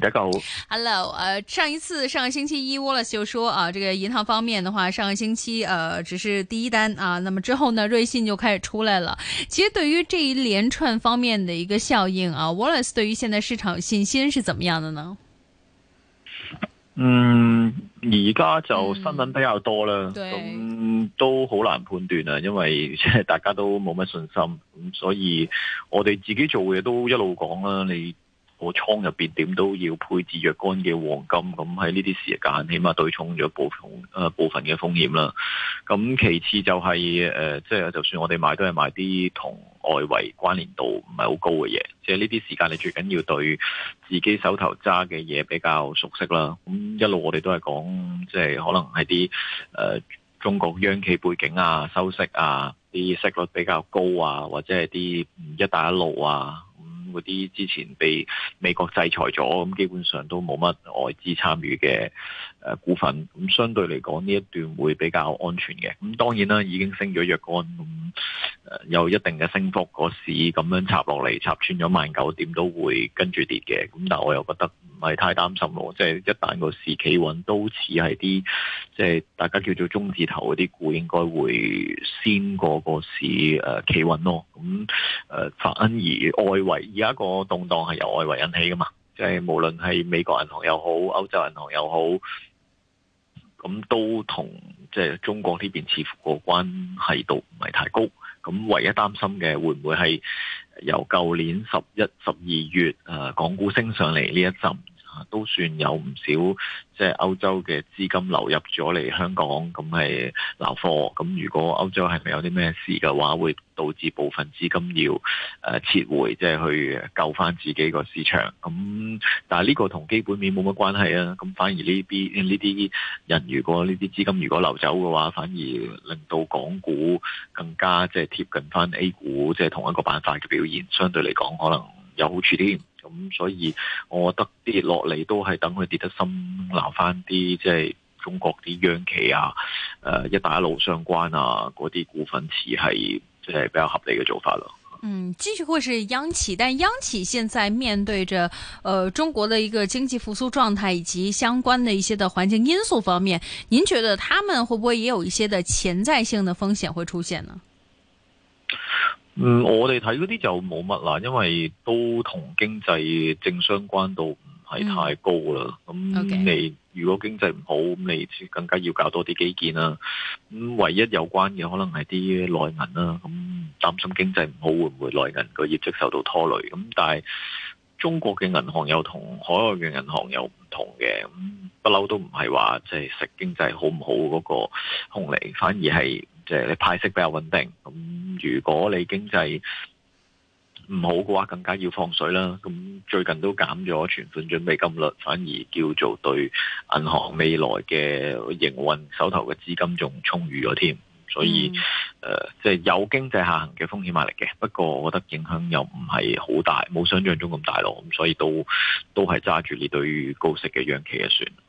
大家好，Hello，誒、uh，上一次上個星期一，Wallace 就說啊，這個銀行方面的話，上個星期，呃，只是第一單啊，那麼之後呢，瑞信就開始出來了。其實對於這一連串方面的一個效應啊，Wallace 對於現在市場信心是怎麼樣的呢？嗯，而家就新聞比較多啦，咁、嗯嗯、都好難判斷啊，因為大家都冇乜信心，所以我哋自己做嘢都一路講啦，你。我倉入面點都要配置若干嘅黃金，咁喺呢啲時間，起碼對沖咗部分、呃、部分嘅風險啦。咁其次就係、呃、即係就算我哋買都係買啲同外圍關聯度唔係好高嘅嘢，即係呢啲時間你最緊要對自己手頭揸嘅嘢比較熟悉啦。咁一路我哋都係講，即係可能係啲、呃、中國央企背景啊、收息啊、啲息率比較高啊，或者係啲一,一帶一路啊。嗰啲之前被美國制裁咗，咁基本上都冇乜外資參與嘅。誒股份咁相對嚟講呢一段會比較安全嘅。咁當然啦，已經升咗若干咁，誒，有一定嘅升幅，個市咁樣插落嚟，插穿咗萬九點都會跟住跌嘅。咁但係我又覺得唔係太擔心咯，即係一旦個市企穩都似係啲即係大家叫做中字頭嗰啲股，應該會先過個市誒企穩咯。咁誒反而外圍而家個動盪係由外圍引起噶嘛，即係無論係美國銀行又好，歐洲銀行又好。咁都同即係中國呢邊似乎個關係度唔係太高，咁唯一擔心嘅會唔會係由舊年十一、十二月誒港股升上嚟呢一陣，都算有唔少，即係歐洲嘅資金流入咗嚟香港，咁係流貨。咁如果歐洲係咪有啲咩事嘅話，會導致部分資金要誒撤回，即係去救翻自己個市場。咁但係呢個同基本面冇乜關係啊。咁反而呢啲呢啲人，如果呢啲資金如果流走嘅話，反而令到港股更加即係貼近翻 A 股，即係同一個板塊嘅表現，相對嚟講可能有好處添。咁、嗯、所以，我覺得跌落嚟都係等佢跌得深撈，撈翻啲即係中國啲央企啊，誒、呃，一帶一路相關啊嗰啲股份市係即係比較合理嘅做法咯。嗯，繼續會是央企，但央企現在面對着，誒、呃，中國的一個經濟復蘇狀態以及相關的一些的環境因素方面，您覺得他們會不會也有一些的潛在性的風險會出現呢？嗯，我哋睇嗰啲就冇乜啦，因為都同經濟正相關度唔係太高啦。咁、嗯嗯、你如果經濟唔好，咁你更加要搞多啲基建啦，啊。咁、嗯、唯一有關嘅可能係啲內銀啦，咁擔心經濟唔好會唔會內銀個業績受到拖累。咁但係中國嘅銀行有同海外嘅銀行有唔同嘅，咁不嬲都唔係話即係食經濟好唔好嗰個紅利，反而係。即係你派息比較穩定，咁如果你經濟唔好嘅話，更加要放水啦。咁最近都減咗存款準備金率，反而叫做對銀行未來嘅營運手頭嘅資金仲充裕咗添。所以誒，即係有經濟下行嘅風險壓力嘅，不過我覺得影響又唔係好大，冇想象中咁大咯。咁所以都都係揸住你對高息嘅央企嘅船。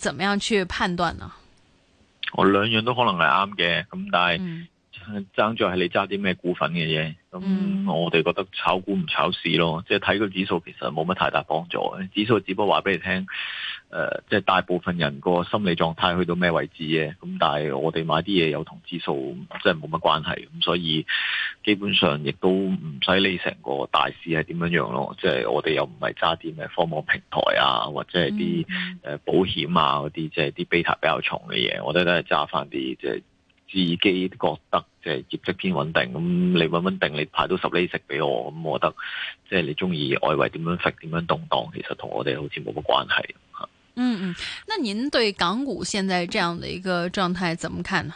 怎樣去判斷呢？我兩樣都可能係啱嘅，咁但係、嗯、爭在係你揸啲咩股份嘅嘢，咁、嗯嗯、我哋覺得炒股唔炒市咯，即係睇個指數其實冇乜太大幫助，指數只不過話俾你聽。誒，即係、呃就是、大部分人個心理狀態去到咩位置嘅？咁、嗯、但係我哋買啲嘢有同指數，即係冇乜關係。咁所以基本上亦都唔使理成個大市係點樣樣咯。即、就、係、是、我哋又唔係揸啲咩科網平台啊，或者係啲誒保險啊嗰啲，即係啲、就是、beta 比較重嘅嘢。我哋都係揸翻啲即係自己覺得即係業績偏穩定。咁、嗯、你穩唔穩定，你派到十厘息俾我，咁、嗯、我覺得即係、就是、你中意外圍點樣 fluct 點樣動盪，其實同我哋好似冇乜關係、嗯嗯嗯，那您對港股現在這樣的一個狀態怎麼看呢？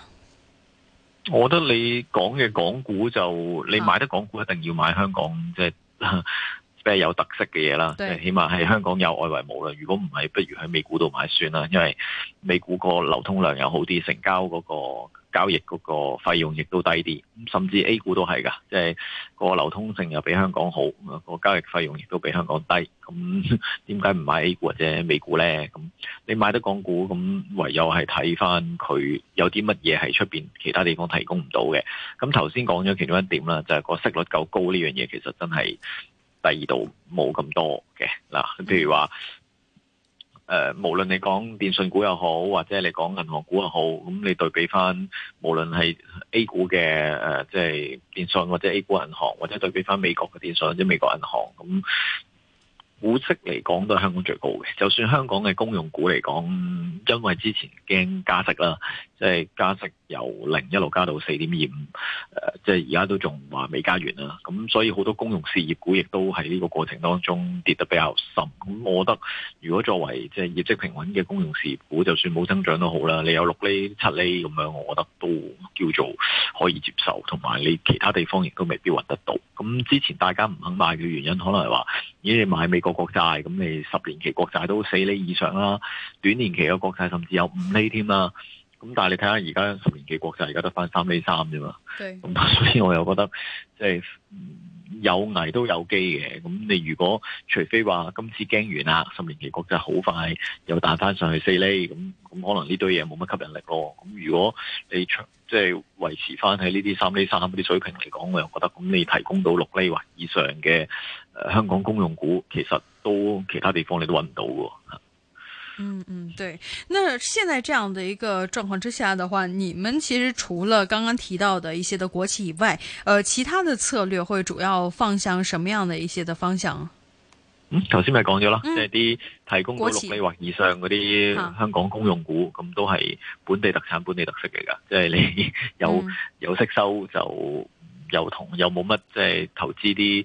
我覺得你講嘅港股，就你買得港股一定要買香港、啊、嗯、即係比較有特色嘅嘢啦，對起碼係香港有外圍冇啦。如果唔係，不如喺美股度買算啦，因為美股個流通量又好啲，成交嗰、那個。交易嗰個費用亦都低啲，甚至 A 股都係噶，即係個流通性又比香港好，個交易費用亦都比香港低。咁點解唔買 A 股或者美股呢？咁你買得港股，咁唯有係睇翻佢有啲乜嘢係出邊其他地方提供唔到嘅。咁頭先講咗其中一點啦，就係個息率夠高呢樣嘢，其實真係第二度冇咁多嘅嗱，譬如話。誒、呃，無論你講電信股又好，或者你講銀行股又好，咁你對比翻，無論係 A 股嘅，誒、即、呃、係、就是、電信或者 A 股銀行，或者對比翻美國嘅電信或者美國銀行，咁股息嚟講都係香港最高嘅。就算香港嘅公用股嚟講，因為之前驚加息啦。即係加息由零一路加到四點二五，即係而家都仲話未加完啦。咁所以好多公用事業股亦都喺呢個過程當中跌得比較深。咁我覺得如果作為即係業績平穩嘅公用事業股，就算冇增長都好啦。你有六厘、七厘咁樣，我覺得都叫做可以接受。同埋你其他地方亦都未必搵得到。咁之前大家唔肯買嘅原因，可能係話咦，你買美國國債咁，咁你十年期國債都四厘以上啦，短年期嘅國債甚至有五厘添啦。咁但係你睇下而家十年期國債而家得翻三厘三啫嘛。對，咁、嗯、所以我又覺得即係有危都有機嘅。咁你如果除非話今次驚完啦，十年期國債好快又彈翻上去四厘，咁咁可能呢堆嘢冇乜吸引力咯。咁如果你即係維持翻喺呢啲三厘三嗰啲水平嚟講，我又覺得咁你提供到六厘或以上嘅誒、呃、香港公用股，其實都其他地方你都揾唔到喎。嗯嗯，對，那現在這樣的一個狀況之下的話，你們其實除了剛剛提到的一些的國企以外，呃，其他的策略會主要放向什麼樣的一些的方向？嗯，頭先咪講咗咯，嗯、即係啲提供到六厘或以上嗰啲企香港公用股，咁、啊、都係本地特產、本地特色嚟噶，即係你有、嗯、有息收就。又同又冇乜即係投資啲誒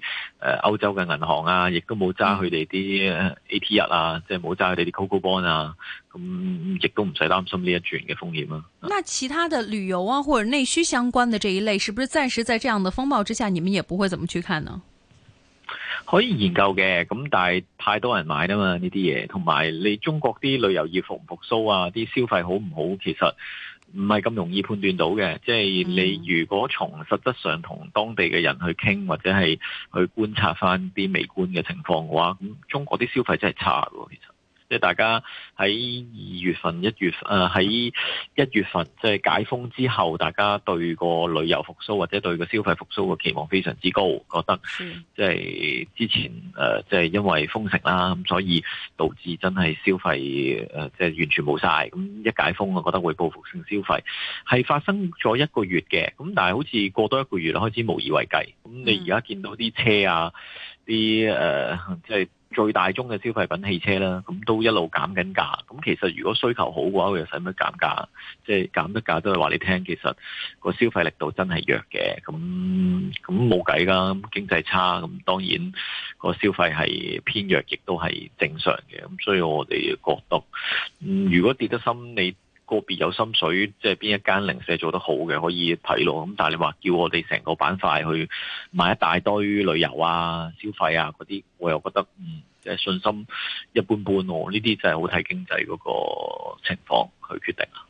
歐洲嘅銀行啊，亦都冇揸佢哋啲 AT1 啊，即係冇揸佢哋啲 Coco Bond 啊，咁、嗯、亦都唔使擔心呢一轉嘅風險啦、啊。那其他嘅旅遊啊，或者內需相關嘅，這一類，是不是暫時在這樣嘅風暴之下，你們也不會怎麼去看呢？嗯、可以研究嘅，咁但係太多人買啊嘛呢啲嘢，同埋你中國啲旅遊業復唔復蘇啊，啲消費好唔好，其實。唔係咁容易判斷到嘅，即係你如果從實質上同當地嘅人去傾，或者係去觀察翻啲微觀嘅情況嘅話，咁中國啲消費真係差喎，其實。即係大家喺二月份、一月，誒喺一月份，即係解封之後，大家對個旅遊復甦或者對個消費復甦嘅期望非常之高，覺得即係之前誒，即係因為封城啦，咁所以導致真係消費誒，即係完全冇晒。咁一解封我覺得會報復性消費係發生咗一個月嘅，咁但係好似過多一個月開始無以為繼。咁你而家見到啲車啊，啲誒，即係。就是最大宗嘅消費品汽車啦，咁都一路減緊價。咁其實如果需求好嘅話，佢又使乜減價？即係減得價都係話你聽。其實個消費力度真係弱嘅。咁咁冇計啦，經濟差。咁當然個消費係偏弱，亦都係正常嘅。咁所以我哋覺得，嗯，如果跌得深，你個別有心水，即係邊一間零舍做得好嘅可以睇咯。咁但係你話叫我哋成個板塊去買一大堆旅遊啊、消費啊嗰啲，我又覺得嗯，即係信心一般般喎、啊。呢啲真係好睇經濟嗰個情況去決定啊。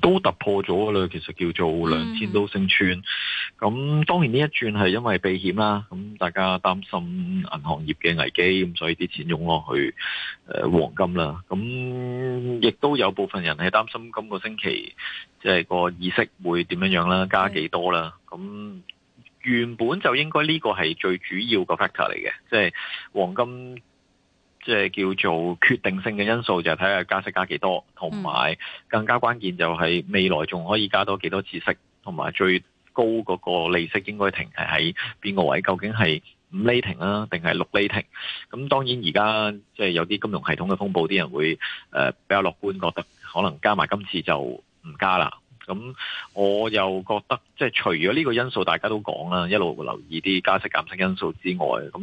都突破咗啦，其實叫做兩千都升穿。咁、嗯、當然呢一轉係因為避險啦，咁大家擔心銀行業嘅危機，咁所以啲錢湧落去誒、呃、黃金啦。咁亦都有部分人係擔心今個星期即係、就是、個議息會點樣樣啦，加幾多啦。咁、嗯、原本就應該呢個係最主要個 factor 嚟嘅，即、就、係、是、黃金。即係叫做決定性嘅因素，就係睇下加息加幾多，同埋更加關鍵就係未來仲可以加多幾多次息，同埋最高嗰個利息應該停係喺邊個位？究竟係五厘停啦、啊，定係六厘停？咁當然而家即係有啲金融系統嘅風暴，啲人會誒、呃、比較樂觀，覺得可能加埋今次就唔加啦。咁我又覺得，即係除咗呢個因素，大家都講啦，一路留意啲加息減息因素之外，咁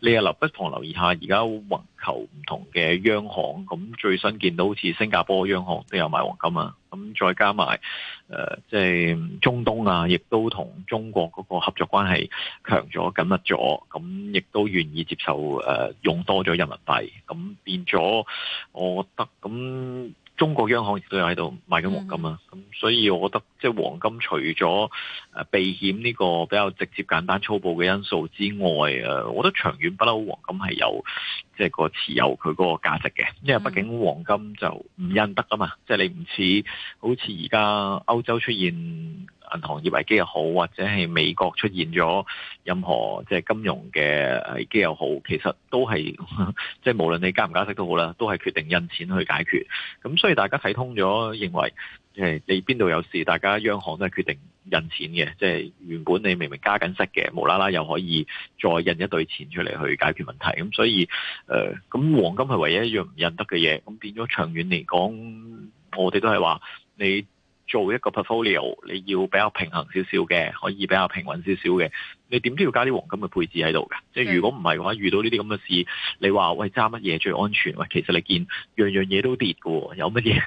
你又留不妨留意下，而家環球唔同嘅央行，咁最新見到好似新加坡央行都有買黃金啊，咁再加埋呃、即係中東啊，亦都同中國嗰個合作關係強咗緊密咗，咁亦都願意接受、呃、用多咗人民幣，咁變咗，我覺得咁。中國央行亦都有喺度買緊黃金啊，咁、嗯、所以我覺得即係黃金除咗誒避險呢個比較直接、簡單、粗暴嘅因素之外，誒，我覺得長遠不嬲黃金係有即係個持有佢嗰個價值嘅，因為畢竟黃金就唔印得啊嘛，即係、嗯、你唔似好似而家歐洲出現銀行業危機又好，或者係美國出現咗任何即係金融嘅危機又好，其實都係即係無論你加唔加息都好啦，都係決定印錢去解決。咁所以大家睇通咗，認為你邊度有事，大家央行都係決定印錢嘅。即係原本你明明加緊息嘅，無啦啦又可以再印一堆錢出嚟去解決問題。咁所以，誒，咁黃金係唯一一樣唔印得嘅嘢。咁變咗長遠嚟講，我哋都係話你。做一個 portfolio，你要比較平衡少少嘅，可以比較平穩少少嘅。你點都要加啲黃金嘅配置喺度㗎？即係的如果唔係嘅話，遇到呢啲咁嘅事，你話喂揸乜嘢最安全？喂，其實你見樣樣嘢都跌㗎喎，有乜嘢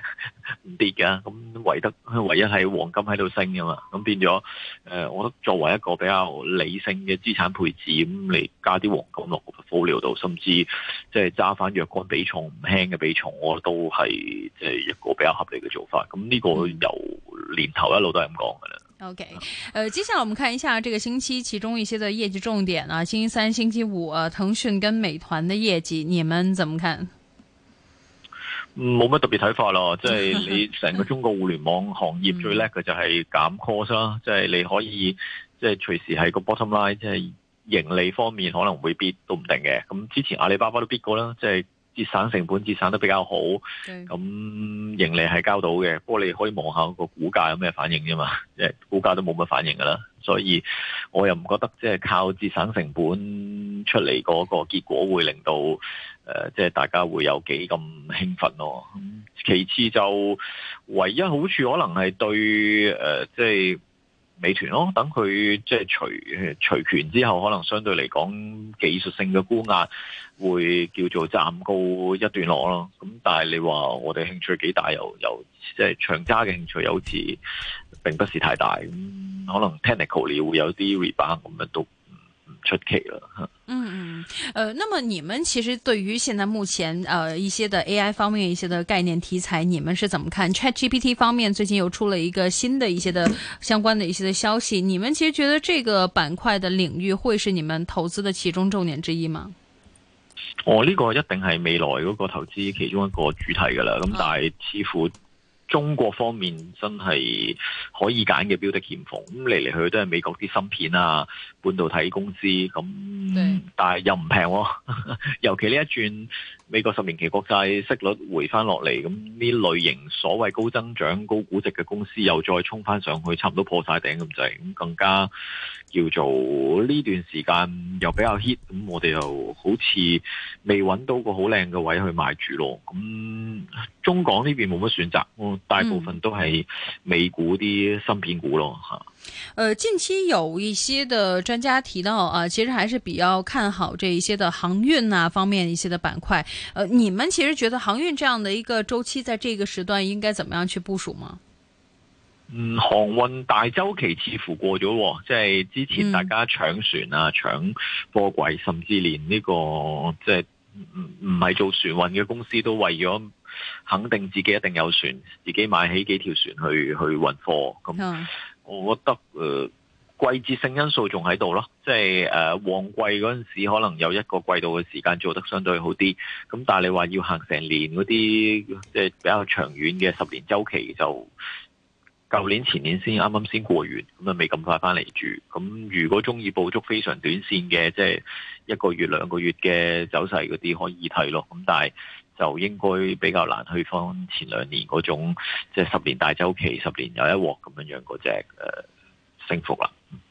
唔跌㗎？咁唯得唯一係黃金喺度升㗎嘛，咁變咗誒、呃，我覺得作為一個比較理性嘅資產配置，咁你加啲黃金落個 portfolio 度，甚至即係揸翻若干比重唔輕嘅比重，我都係即係一個比較合理嘅做法。咁呢個由年頭一路都係咁講㗎啦。OK，誒，接下來我們看一下這個星期其中一些的業績重點啊，星期三、星期五、啊，騰訊跟美團的業績，你們怎麼看？冇乜特別睇法咯，即係 你成個中國互聯網行業最叻嘅就係減 cost 啦，即係、嗯、你可以即係、就是、隨時係個 bottom line，即係盈利方面可能會跌都唔定嘅，咁之前阿里巴巴都跌過啦，即係。節省成本節省得比較好，咁盈利係交到嘅，不過你可以望下個股價有咩反應啫嘛，即係股價都冇乜反應噶啦，所以我又唔覺得即係靠節省成本出嚟嗰個結果會令到誒，即係大家會有幾咁興奮咯。咁其次就唯一好處可能係對誒、呃，即係。美團咯，等佢即係除除權之後，可能相對嚟講技術性嘅沽壓會叫做暫告一段落咯。咁但係你話我哋興趣幾大，又又即係長揸嘅興趣又好似並不是太大。咁、嗯、可能 technically 會有啲 rebound 咁樣都。出奇啦、嗯！嗯嗯，誒、呃，那麼你們其實對於現在目前呃一些的 A I 方面一些的概念題材，你們是怎麼看？Chat GPT 方面最近又出了一個新的一些的 相關的一些的消息，你們其實覺得這個板塊的領域會是你們投資的其中重點之一嗎？我呢、哦呢個一定係未來嗰個投資其中一個主題噶啦，咁、嗯哦、但係似乎中國方面真係可以揀嘅標的欠奉，咁嚟嚟去去都係美國啲芯片啊。半導體公司咁，但係又唔平，哦， 尤其呢一轉美國十年期國債息率回翻落嚟，咁呢類型所謂高增長、高估值嘅公司又再衝翻上去，差唔多破晒頂咁滯，咁更加叫做呢段時間又比較 hit，咁我哋又好似未揾到個好靚嘅位去買住咯，咁中港呢邊冇乜選擇，大部分都係美股啲芯片股咯，吓、嗯。呃，近期有一些的專家提到啊，其實還是比較看好這一些的航運啊方面一些的板塊。呃、啊，你們其實覺得航運這樣的一個周期，在這個時段應該怎麼樣去部署嗎？嗯，航運大周期似乎過咗、哦，即係之前大家搶船啊、搶貨、嗯、櫃，甚至連呢、這個即係唔唔係做船運嘅公司都為咗肯定自己一定有船，自己買起幾條船去去運貨咁。我覺得誒、呃，季節性因素仲喺度咯，即係誒、呃、旺季嗰陣時，可能有一個季度嘅時間做得相對好啲。咁但係你話要行成年嗰啲，即係比較長遠嘅十年週期就，就舊年前年先啱啱先過完，咁啊未咁快翻嚟住。咁如果中意捕捉非常短綫嘅，即係一個月兩個月嘅走勢嗰啲，可以睇咯。咁但係。就應該比較難去翻前兩年嗰種，即係十年大週期，十年有一鑊咁樣樣嗰隻誒升幅啦。呃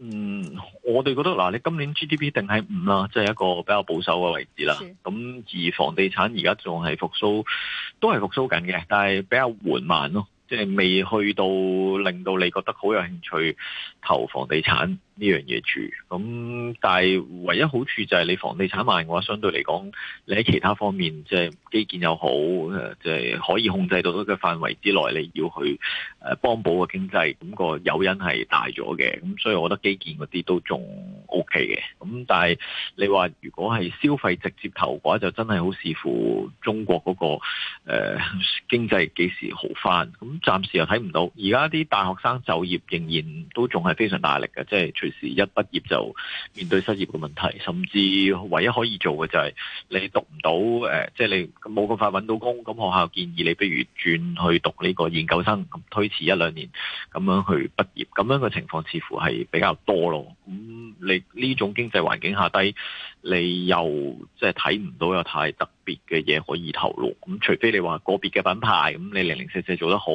嗯，我哋覺得嗱，你今年 GDP 定係五啦，即係一個比較保守嘅位置啦。咁是而房地產而家仲係復蘇，都係復蘇緊嘅，但係比較緩慢咯，即係未去到令到你覺得好有興趣投房地產呢樣嘢住，咁但係唯一好處就係你房地產賣嘅話，相對嚟講，你喺其他方面，即係基建又好，誒，即係可以控制到一個範圍之內，你要去誒幫補個經濟，咁、個誘因係大咗嘅，咁所以我覺得基建嗰啲都仲 O K 嘅，咁但係你話如果係消費直接投嘅話，就真係好視乎中國嗰、個誒、呃、經濟幾時好翻，咁暫時又睇唔到，而家啲大學生就業仍然都仲係非常大力嘅，即係。一畢業就面對失業嘅問題，甚至唯一可以做嘅就係你讀唔到即係、呃即係、你冇咁快揾到工，咁學校建議你不如轉去讀呢個研究生，推遲一兩年咁樣去畢業，咁樣嘅情況似乎係比較多咯。咁你呢種經濟環境下低，你又即係睇唔到有太特別嘅嘢可以投入。咁除非你話個別嘅品牌，咁你零零舍舍做得好，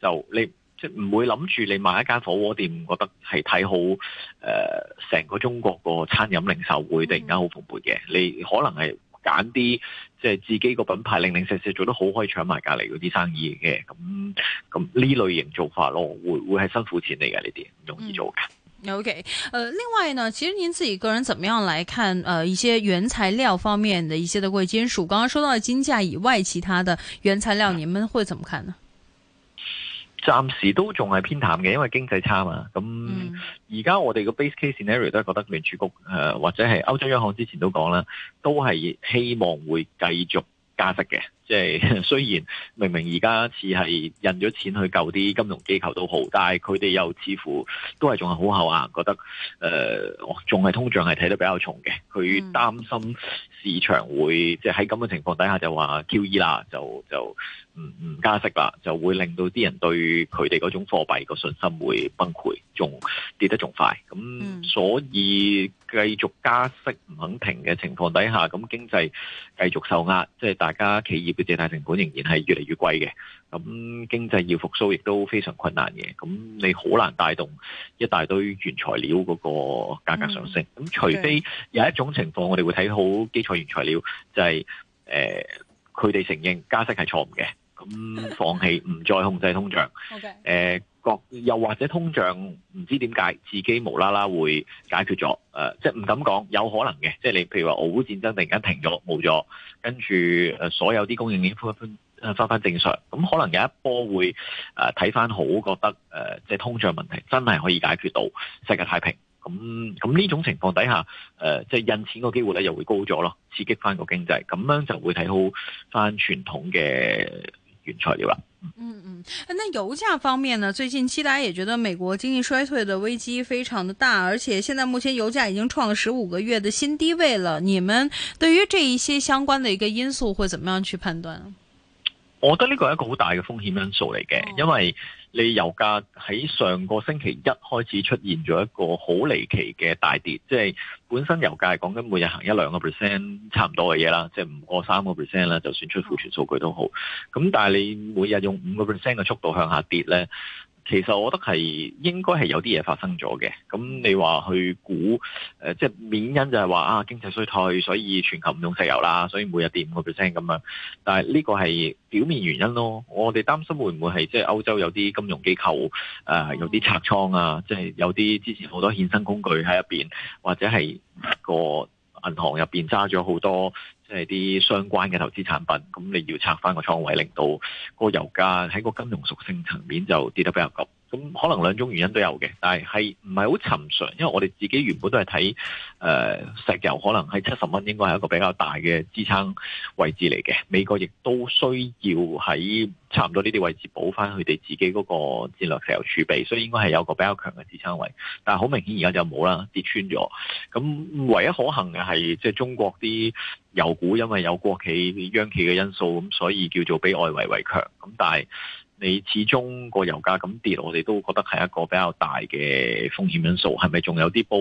就你。即唔會諗住你買一間火鍋店，覺得係睇好誒、成、呃、個中國個餐飲零售會突然間好蓬勃嘅。嗯、你可能係揀啲即係自己個品牌，零零舍舍做得好，可以搶埋隔籬嗰啲生意嘅。咁咁呢類型做法咯，會會係新扶持嚟嘅呢啲唔容易做 k、嗯、OK，誒、呃，另外呢，其實您自己個人怎麼樣來看？誒、呃，一些原材料方面的一些的貴金屬，剛剛說到的金價以外，其他的原材料，你們會怎麼看呢？嗯暫時都仲係偏淡嘅，因為經濟差嘛。咁而家我哋個 base case scenario 都係覺得聯儲局誒、呃、或者係歐洲央行之前都講啦，都係希望會繼續加息嘅。即係雖然明明而家似係印咗錢去救啲金融機構都好，但係佢哋又似乎都係仲係好厚啊，覺得誒仲係通脹係睇得比較重嘅，佢擔心市場會即係，喺咁嘅情況底下就話 QE 啦，就就唔唔加息啦，就會令到啲人對佢哋嗰種貨幣個信心會崩潰，仲跌得仲快。咁所以繼續加息唔肯停嘅情況底下，咁經濟繼續受壓，即係大家企業。借貸成本仍然係越嚟越貴嘅，咁經濟要復蘇亦都非常困難嘅，咁你好難帶動一大堆原材料嗰個價格上升。咁、嗯、除非有一種情況我哋會睇好基礎原材料，就係、是、誒，呃、佢哋承認加息係錯誤嘅。咁 放棄唔再控制通脹，誒各 Okay.、呃、又或者通脹唔知點解自己無啦啦會解決咗，誒、呃、即係唔敢講有可能嘅，即係你譬如話俄烏戰爭突然間停咗冇咗，跟住所有啲供應鏈翻翻正常，咁、嗯、可能有一波會誒睇翻好覺得誒、呃、即係通脹問題真係可以解決到世界太平，咁咁呢種情況底下誒、呃、即係印錢個機會咧又會高咗咯，刺激翻個經濟，咁樣就會睇好翻傳統嘅。材料啦，嗯嗯，誒，那油價方面呢？最近期達也覺得美國經濟衰退的危機非常的大，而且現在目前油價已經創了十五個月的新低位了。你們對於這一些相關的一個因素會怎麼樣去判斷？我覺得呢個係一個好大嘅風險因素嚟嘅，因為你油價喺上個星期一開始出現咗一個好離奇嘅大跌，即係。本身油價係講緊每日行一兩個 percent 差唔多嘅嘢啦，即係唔過三個 percent 啦，就算出庫存數據都好。咁但係你每日用五個 percent 嘅速度向下跌咧。其實我覺得係應該係有啲嘢發生咗嘅，咁你話去估誒，即係免因就係話啊經濟衰退，所以全球唔用石油啦，所以每日跌五個 percent 咁樣。但係呢個係表面原因咯，我哋擔心會唔會係即係歐洲有啲金融機構誒、呃、有啲拆倉啊，即、就、係、是、有啲之前好多衍生工具喺入面，或者係個銀行入面揸咗好多，即係啲相關嘅投資產品，咁你要拆返個倉位，令到個油價喺個金融屬性層面就跌得比較急。咁可能兩種原因都有嘅，但係係唔係好尋常，因為我哋自己原本都係睇誒石油，可能喺七十蚊應該係一個比較大嘅支撐位置嚟嘅。美國亦都需要喺差唔多呢啲位置補翻佢哋自己嗰個戰略石油儲備，所以應該係有個比較強嘅支撐位。但係好明顯而家就冇啦，跌穿咗。咁唯一可行嘅係即係中國啲油股，因為有國企、央企嘅因素，咁所以叫做比外圍為強，咁但係。你始終個油價咁跌，我哋都覺得係一個比較大嘅風險因素。係咪仲有啲煲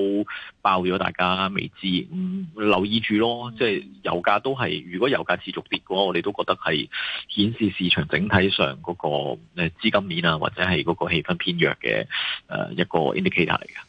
爆咗？大家未知？嗯，留意住咯。即係油價都係，如果油價持續跌嘅話，我哋都覺得係顯示市場整體上嗰個誒資金面啊，或者係嗰個氣氛偏弱嘅誒一個 indicator 嚟嘅。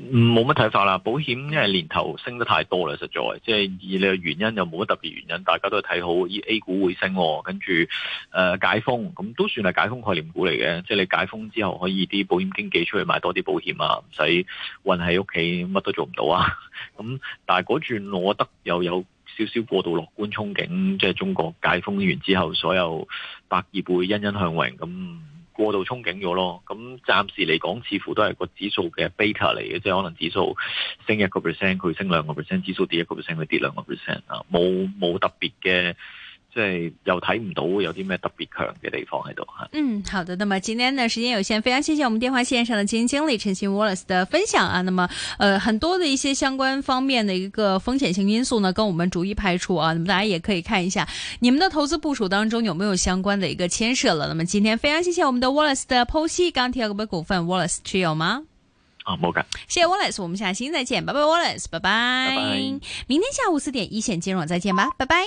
冇乜睇法啦，保險因為年頭升得太多啦，實在，即係你個原因又冇乜特別原因，大家都睇好依 A 股會升哦，跟住誒解封，咁都算係解封概念股嚟嘅，即係你解封之後可以啲保險經紀出去買多啲保險啊，唔使運喺屋企，乜都做唔到啊，咁但係嗰轉我覺得又有少少過度樂觀憧憬，即係中國解封完之後，所有百業會欣欣向榮咁。過度憧憬咗咯，咁暫時嚟講似乎都係個指數嘅 beta 嚟嘅，即係可能指數升一個 percent，佢升兩個 percent；指數跌一個 percent，佢跌兩個 percent 啊，冇冇特別嘅。即係又睇唔到有啲咩特別強嘅地方喺度吓。嗯，好的。那麼今天呢，時間有限，非常謝謝我們電話線上的基金經理陳昕 Wallace 的分享啊。那麼，呃，很多的一些相關方面的一個風險性因素呢，跟我們逐一排除啊。那麼大家也可以看一下你們的投資部署當中有沒有相關的一個牽涉了。那麼今天非常謝謝我們的 Wallace 的剖析。鋼鐵股份 Wallace 持有嗎？啊冇噶。沒，謝謝 Wallace，我們下期再見。拜拜，Wallace，拜拜。拜拜，明天下午四點一線金融再見吧，拜拜。